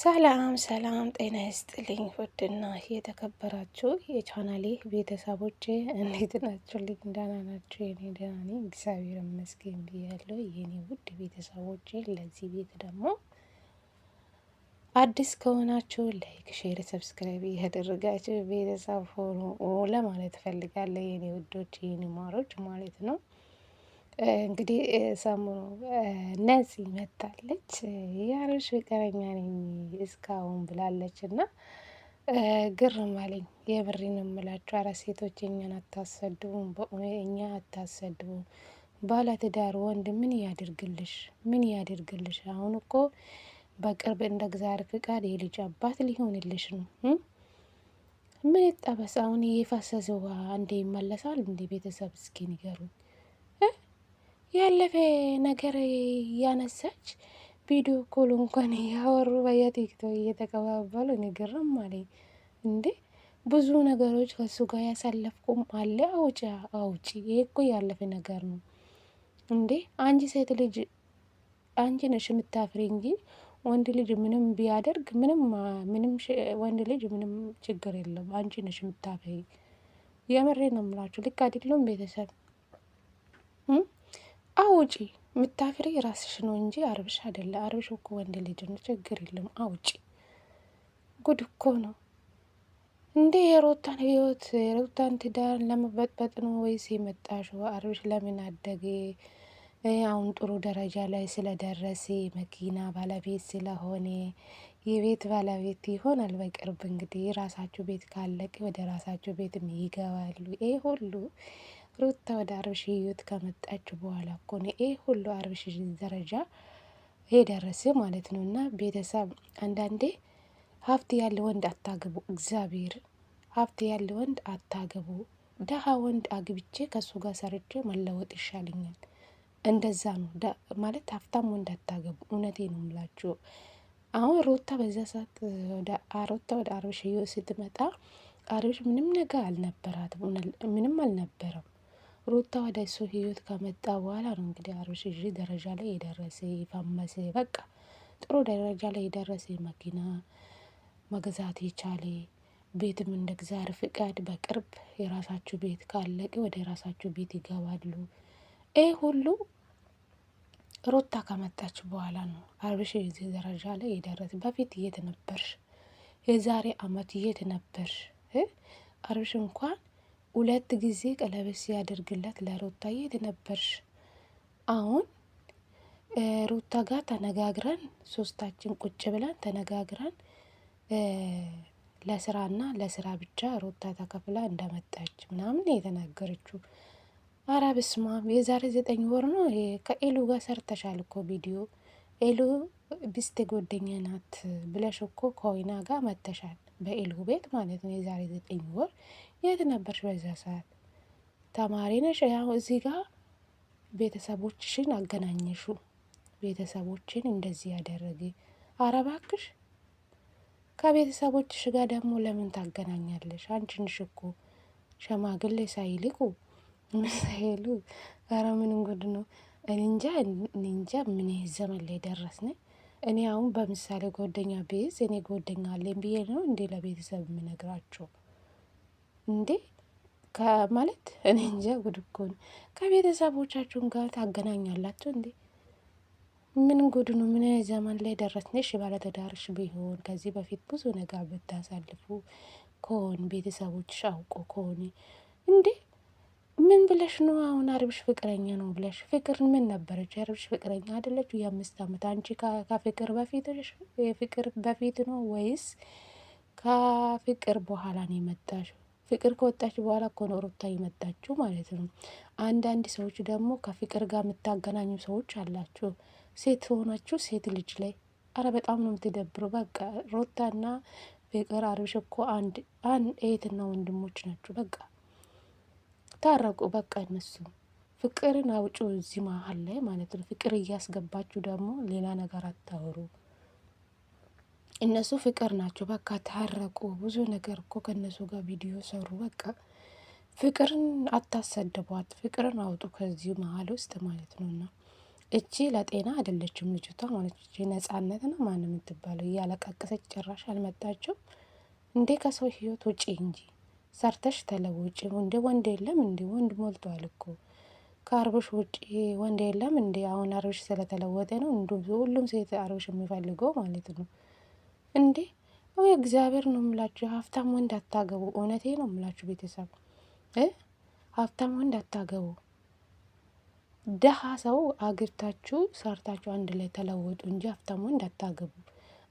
ሰላም ሰላም፣ ጤና ይስጥልኝ ውድና የተከበራችሁ የቻናሌ ቤተሰቦች እንዴት ናችሁ? ልጅ እንዳና ናችሁ? የኔ ደህና ነኝ እግዚአብሔር ይመስገን ብያለሁ። የኔ ውድ ቤተሰቦች ለዚህ ቤት ደግሞ አዲስ ከሆናችሁ ላይክ፣ ሼር፣ ሰብስክራይብ እያደረጋችሁ ቤተሰብ ሆኖ ለማለት ፈልጋለሁ። የኔ ውዶች የኔ ማሮች ማለት ነው እንግዲህ ሰሞኑ ነፂ መታለች የአብርሽ ፍቅረኛ ነኝ እስካሁን ብላለች እና ግርም አለኝ። የብሬን እምላችሁ አረ ሴቶች እኛን አታሰድቡም፣ እኛ አታሰድቡም። ባለትዳር ወንድ ምን ያድርግልሽ? ምን ያድርግልሽ? አሁን እኮ በቅርብ እንደ እግዚአብሔር ፍቃድ የልጅ አባት ሊሆንልሽ ነው። ምን ይጠበስ? አሁን የፈሰሰ ውሃ እንዴ ይመለሳል? እንዴ ቤተሰብ እስኪ ንገሩኝ። ያለፈ ነገር እያነሳች ቪዲዮ ኮል እንኳን እያወሩ በየቲክቶክ እየተቀባበሉ ንግርም አለኝ እንዴ ብዙ ነገሮች ከሱ ጋር ያሳለፍኩም አለ። አውጭ አውጭ፣ ይሄ እኮ ያለፈ ነገር ነው እንዴ አንቺ ሴት ልጅ አንቺ ነሽ የምታፍሪ እንጂ ወንድ ልጅ ምንም ቢያደርግ ምንም ምንም ወንድ ልጅ ምንም ችግር የለም። አንቺ ነሽ የምታፍሪ። የምሬ ነው የምላችሁ። ልክ አይደለም ቤተሰብ አውጪ ምታፍሬ ራስሽ ነው እንጂ አርብሽ አይደለ። አርብሽ እኮ ወንድ ልጅ ነው፣ ችግር የለም አውጪ። ጉድ እኮ ነው እንዴ! የሮታን ህይወት የሮታን ትዳር ለመበጥበጥ ነው ወይስ የመጣሽ? አርብሽ ለምን አደገ? አሁን ጥሩ ደረጃ ላይ ስለደረሰ መኪና ባለቤት ስለሆነ የቤት ባለቤት ይሆናል በቅርብ። እንግዲህ ራሳችሁ ቤት ካለቀ ወደ ራሳችሁ ቤት ይገባሉ። ይሄ ሁሉ ሩታ ወደ አብርሽ ህይወት ከመጣች በኋላ እኮ ነው ይሄ ሁሉ አብርሽ ደረጃ የደረሰ ማለት ነው። እና ቤተሰብ አንዳንዴ ሀብት ያለ ወንድ አታገቡ፣ እግዚአብሔር ሀብት ያለ ወንድ አታገቡ። ደሃ ወንድ አግብቼ ከእሱ ጋር ሰርቼ መለወጥ ይሻለኛል። እንደዛ ነው ማለት ሀብታም ወንድ አታገቡ። እውነቴ ነው ምላችሁ። አሁን ሩታ በዛ ሰዓት ሩታ ወደ አብርሽ ህይወት ስትመጣ አብርሽ ምንም ነገር አልነበራትም፣ ምንም አልነበረም። ሩታ ወደ እሱ ህይወት ከመጣ በኋላ ነው እንግዲህ አብርሽ እዚህ ደረጃ ላይ የደረሰ የፈመሰ በቃ ጥሩ ደረጃ ላይ የደረሰ መኪና መግዛት የቻለ ቤትም እንደ እግዚአብሔር ፍቃድ በቅርብ የራሳችሁ ቤት ካለቀ ወደ የራሳችሁ ቤት ይገባሉ። ይህ ሁሉ ሩታ ከመጣች በኋላ ነው። አብርሽ እዚህ ደረጃ ላይ የደረሰ በፊት የት ነበርሽ? የዛሬ አመት የት ነበርሽ? አብርሽ እንኳን ሁለት ጊዜ ቀለበት ሲያደርግላት ለሮታ የት ነበርሽ? አሁን ሩታ ጋር ተነጋግረን ሶስታችን ቁጭ ብለን ተነጋግረን ለስራና ለስራ ብቻ ሩታ ተከፍላ እንደመጣች ምናምን የተናገረችው። አረ በስመ አብ! የዛሬ ዘጠኝ ወር ነው ከኤሉ ጋር ሰርተሻል እኮ ቪዲዮ። ኤሉ ብስት ጎደኛ ናት ብለሽ እኮ ከወይና ጋር መተሻል በኤሉ ቤት ማለት ነው። የዛሬ ዘጠኝ ወር የት ነበርሽ በዚያ ሰዓት? ተማሪ ነሽ። ያው እዚህ ጋር ቤተሰቦችሽን አገናኘሹ። ቤተሰቦችን እንደዚህ ያደረገ አረባክሽ ከቤተሰቦችሽ ጋር ደግሞ ለምን ታገናኛለሽ? አንችን ነሽ እኮ ሸማግሌ ሳይልቁ ምን ኧረ ምን ጉድ ነው! እንጃ እንጃ፣ ምን ዘመን ላይ ደረስን። እኔ አሁን በምሳሌ ጓደኛ ቤዝ እኔ ጓደኛ አለኝ ብዬ ነው እንዴ ለቤተሰብ የምነግራቸው? እንዴ ማለት እኔ እንጃ ጉድ እኮ ነው። ከቤተሰቦቻችሁን ጋር ታገናኛላችሁ እንዴ? ምን ጉድ ነው? ምን ዘመን ላይ ደረስነሽ? ባለተዳርሽ ቢሆን ከዚህ በፊት ብዙ ነገር ብታሳልፉ ከሆን ቤተሰቦችሽ አውቆ ከሆነ እንዴ ምን ብለሽ ነው አሁን አርብሽ ፍቅረኛ ነው ብለሽ? ፍቅር ምን ነበረች? አርብሽ ፍቅረኛ አደለች? የአምስት አመት አንቺ ከፍቅር በፊት ፍቅር በፊት ነው ወይስ ከፍቅር በኋላ ነው የመጣሽው? ፍቅር ከወጣች በኋላ እኮ ነው ሩታ ይመጣችሁ ማለት ነው። አንዳንድ ሰዎች ደግሞ ከፍቅር ጋር የምታገናኙ ሰዎች አላችሁ። ሴት ሆናችሁ ሴት ልጅ ላይ አረ በጣም ነው የምትደብሩ። በቃ ሩታና ፍቅር አብርሽ እኮ አንድ አንድ እህትና ወንድሞች ናቸው። በቃ ታረቁ። በቃ እነሱ ፍቅርን አውጪው እዚህ መሀል ላይ ማለት ነው። ፍቅር እያስገባችሁ ደግሞ ሌላ ነገር አታወሩ። እነሱ ፍቅር ናቸው። በቃ ታረቁ። ብዙ ነገር እኮ ከእነሱ ጋር ቪዲዮ ሰሩ። በቃ ፍቅርን አታሰድቧት፣ ፍቅርን አውጡ ከዚሁ መሀል ውስጥ ማለት ነው። እና እቺ ለጤና አይደለችም ልጅቷ ማለት እቺ ነጻነት ነው ማን የምትባለው እያለቃቀሰች ጭራሽ አልመጣችም እንዴ! ከሰው ህይወት ውጪ እንጂ ሰርተሽ ተለውጪ እንዴ! ወንድ የለም እንዴ! ወንድ ሞልቷል እኮ ከአርብሽ ውጪ ወንድ የለም እንዴ! አሁን አርብሽ ስለተለወጠ ነው እንዱ ሁሉም ሴት አርብሽ የሚፈልገው ማለት ነው። እንዴ ወይ እግዚአብሔር ነው የምላችሁ፣ ሀብታም ወንድ አታገቡ። እውነቴ ነው የምላችሁ ቤተሰብ፣ ሀብታም ወንድ አታገቡ። ደሃ ሰው አግብታችሁ ሰርታችሁ አንድ ላይ ተለወጡ እንጂ ሀብታም ወንድ አታገቡ።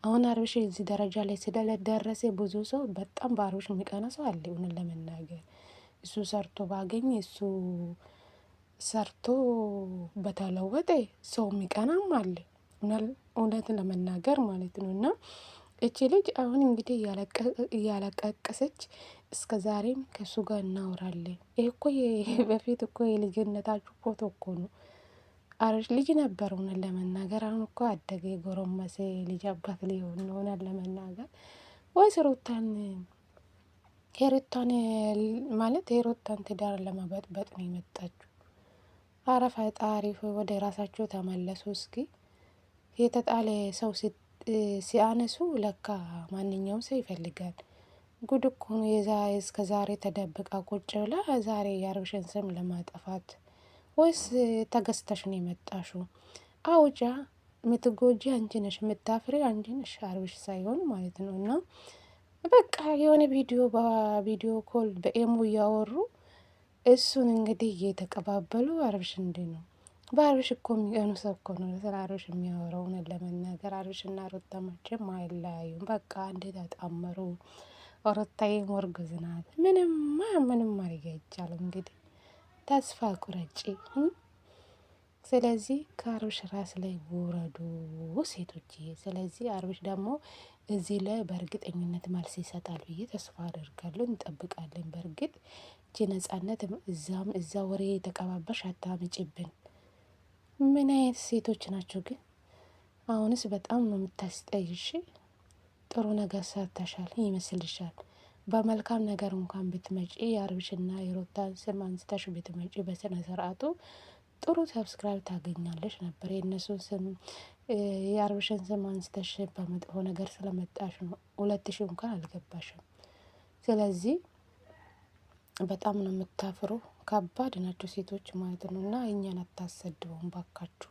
አሁን አብርሽ እዚህ ደረጃ ላይ ስለደረሰ ብዙ ሰው በጣም በአብርሽ የሚቀና ሰው አለ። እውነት ለመናገር እሱ ሰርቶ ባገኝ እሱ ሰርቶ በተለወጠ ሰው የሚቀናም አለ። እውነት ለመናገር ማለት ነው እና እቺ ልጅ አሁን እንግዲህ እያለቀቀሰች እስከ ዛሬም ከሱ ጋር እናወራለን። ይህ እኮ በፊት እኮ የልጅነታችሁ ፎቶ እኮ ነው። አረሽ ልጅ ነበር ሆነን ለመናገር አሁን እኮ አደገ፣ ጎረመሰ ልጅ አባት ሊሆን ሆነን ለመናገር ወይስ ሩታን ሄሮታን ማለት ሄሮታን ትዳር ለመበጥበጥ ነው የመጣችሁ? አረ ፈጣሪ ወደ ራሳቸው ተመለሱ እስኪ የተጣለ ሰው ሲያነሱ ለካ ማንኛውም ሰው ይፈልጋል። ጉድ እኮ ነው እስከ ዛሬ ተደብቃ ቁጭ ብላ ዛሬ የአብርሽን ስም ለማጠፋት ወይስ ተገዝተሽ ነው የመጣሹ? አውጫ ምትጎጂ አንቺ ነሽ፣ ምታፍሬ አንቺ ነሽ፣ አብርሽ ሳይሆን ማለት ነው። እና በቃ የሆነ ቪዲዮ በቪዲዮ ኮል በኤሙ እያወሩ እሱን እንግዲህ እየተቀባበሉ አብርሽ እንዲ ነው በአብርሽ እኮ የሚቀኑ ሰው እኮ ነው ስለ አብርሽ የሚያወራው። እውነት ለመናገር አብርሽና ሩታ መቼም አይለያዩም። በቃ እንዴ ተጣመሩ። ሩታዬም እርጉዝ ናት። ምንማ ምንም ማድረግ አይቻልም። እንግዲህ ተስፋ ቁረጪ። ስለዚህ ከአብርሽ ራስ ላይ ውረዱ ሴቶች። ስለዚህ አብርሽ ደግሞ እዚህ ላይ በእርግጠኝነት መልስ ይሰጣል ብዬ ተስፋ አደርጋለሁ። እንጠብቃለን። በእርግጥ እጅ ነጻነት እዛም እዛ ወሬ የተቀባበሽ አታምጪብን። ምን አይነት ሴቶች ናቸው ግን? አሁንስ በጣም ነው የምታስጠይሽ። ጥሩ ነገር ሰርተሻል ይመስልሻል። በመልካም ነገር እንኳን ብትመጪ የአብርሽና የሩታን ስም አንስተሽ ብትመጪ በስነ ስርዓቱ ጥሩ ሰብስክራይብ ታገኛለሽ ነበር። የእነሱን ስም የአብርሽን ስም አንስተሽ በመጥፎ ነገር ስለመጣሽ ነው ሁለት ሺ እንኳን አልገባሽም። ስለዚህ በጣም ነው የምታፍሩ። ከባድ ናቸው ሴቶች ማለት ነው። እና እኛን አታሰድበውን ባካችሁ።